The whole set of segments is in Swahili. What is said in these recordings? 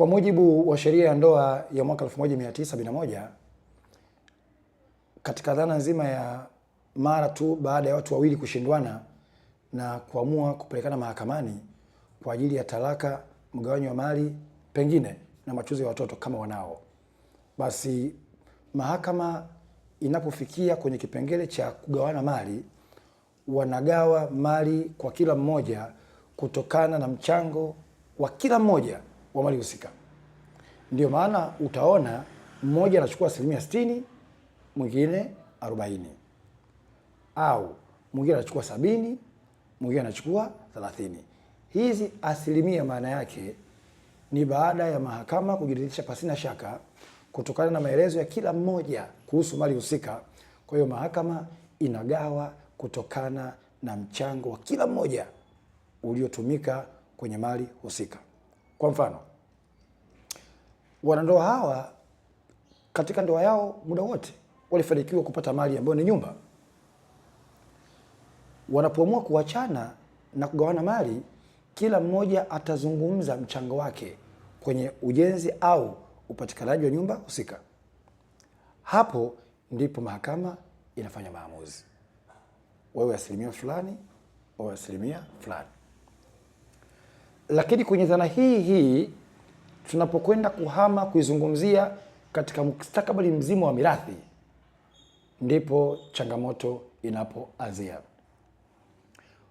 Kwa mujibu wa sheria ya ndoa ya mwaka 1971 katika dhana nzima ya mara tu baada ya watu wawili kushindwana na kuamua kupelekana mahakamani kwa ajili ya talaka, mgawanyo wa mali pengine na machuzi ya watoto kama wanao, basi mahakama inapofikia kwenye kipengele cha kugawana mali, wanagawa mali kwa kila mmoja kutokana na mchango wa kila mmoja wa mali husika. Ndio maana utaona mmoja anachukua asilimia sitini, mwingine arobaini, au mwingine anachukua sabini, mwingine anachukua thelathini. Hizi asilimia maana yake ni baada ya mahakama kujiridhisha pasina shaka kutokana na maelezo ya kila mmoja kuhusu mali husika. Kwa hiyo mahakama inagawa kutokana na mchango wa kila mmoja uliotumika kwenye mali husika. Kwa mfano, wanandoa hawa katika ndoa yao muda wote walifanikiwa kupata mali ambayo ni nyumba. Wanapoamua kuachana na kugawana mali, kila mmoja atazungumza mchango wake kwenye ujenzi au upatikanaji wa nyumba husika. Hapo ndipo mahakama inafanya maamuzi, wewe asilimia fulani, wewe asilimia fulani. Lakini kwenye dhana hii hii tunapokwenda kuhama kuizungumzia katika mustakabali mzima wa mirathi, ndipo changamoto inapoanzia,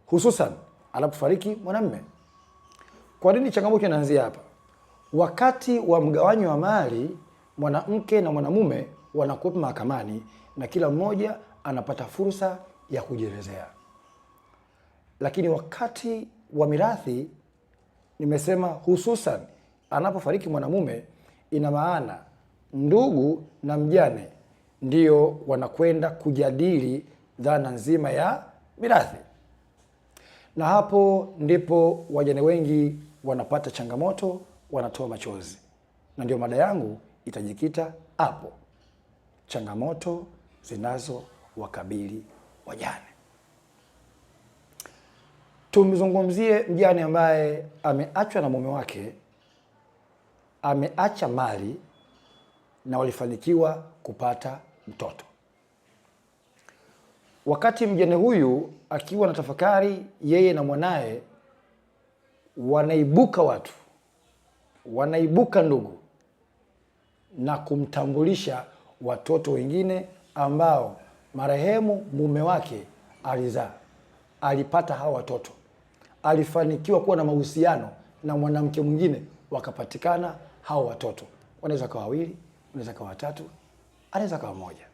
hususan anapofariki mwanamme. Kwa nini changamoto inaanzia hapa? Wakati wa mgawanyo wa mali, mwanamke na mwanamume wanakuwepa mahakamani na kila mmoja anapata fursa ya kujielezea, lakini wakati wa mirathi Nimesema hususan anapofariki mwanamume, ina maana ndugu na mjane ndio wanakwenda kujadili dhana nzima ya mirathi, na hapo ndipo wajane wengi wanapata changamoto, wanatoa machozi, na ndio mada yangu itajikita hapo, changamoto zinazowakabili wajane. Tumzungumzie mjane ambaye ameachwa na mume wake, ameacha mali na walifanikiwa kupata mtoto. Wakati mjane huyu akiwa na tafakari, yeye na mwanaye wanaibuka watu, wanaibuka ndugu na kumtambulisha watoto wengine ambao marehemu mume wake alizaa, alipata hawa watoto alifanikiwa kuwa na mahusiano na mwanamke mwingine, wakapatikana hao watoto. Wanaweza kawa wawili, wanaweza kawa watatu, anaweza kawa moja.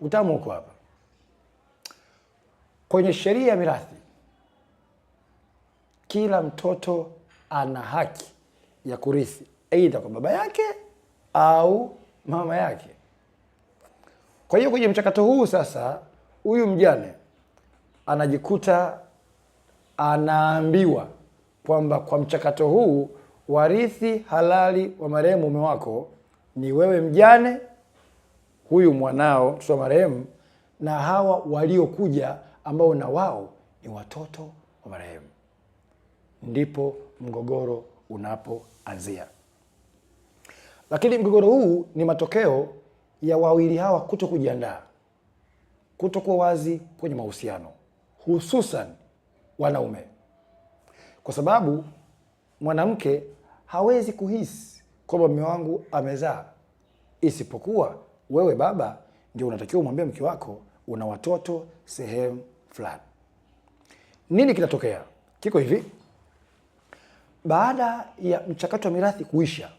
Utamu huko hapa. Kwenye sheria ya mirathi, kila mtoto ana haki ya kurithi aidha kwa baba yake au mama yake. Kwa hiyo kwenye mchakato huu sasa, huyu mjane anajikuta anaambiwa kwamba kwa mchakato huu warithi halali wa marehemu mume wako ni wewe mjane, huyu mwanao mtoto wa marehemu, na hawa waliokuja ambao na wao ni watoto wa marehemu. Ndipo mgogoro unapoanzia, lakini mgogoro huu ni matokeo ya wawili hawa kuto kujiandaa, kutokuwa wazi kwenye mahusiano hususan wanaume, kwa sababu mwanamke hawezi kuhisi kwamba mume wangu amezaa, isipokuwa wewe baba ndio unatakiwa umwambie mke wako una watoto sehemu fulani. Nini kinatokea? Kiko hivi, baada ya mchakato wa mirathi kuisha,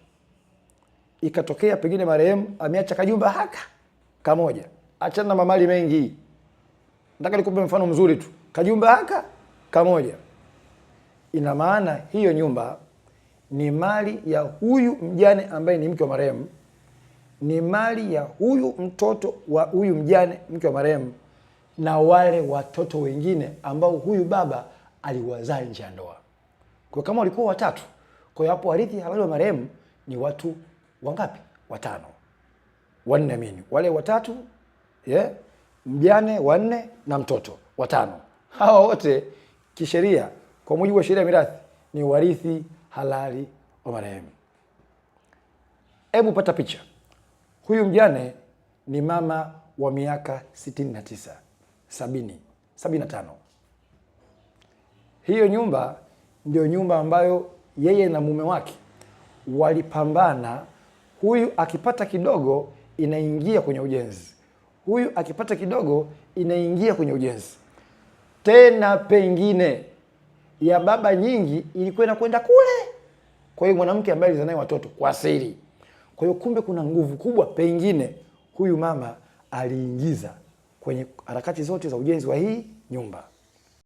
ikatokea pengine marehemu ameacha kajumba haka kamoja, achana na mamali mengi. Nataka nikupe mfano mzuri tu, kajumba haka kamoja. Ina maana hiyo nyumba ni mali ya huyu mjane ambaye ni mke wa marehemu, ni mali ya huyu mtoto wa huyu mjane mke wa marehemu, na wale watoto wengine ambao huyu baba aliwazaa nje ya ndoa. Kwa kama walikuwa watatu, kwa hiyo hapo warithi halali wa marehemu ni watu wangapi? Watano, wanne mini wale watatu yeah, mjane wanne na mtoto watano, hawa wote kisheria, kwa mujibu wa sheria ya mirathi, ni warithi halali wa marehemu. Hebu pata picha, huyu mjane ni mama wa miaka 69 70 75. Hiyo nyumba ndio nyumba ambayo yeye na mume wake walipambana, huyu akipata kidogo inaingia kwenye ujenzi, huyu akipata kidogo inaingia kwenye ujenzi tena pengine ya baba nyingi ilikuwa inakwenda kule kwa hiyo mwanamke ambaye alizaa naye watoto kwa siri. Kwa hiyo kumbe kuna nguvu kubwa, pengine huyu mama aliingiza kwenye harakati zote za ujenzi wa hii nyumba.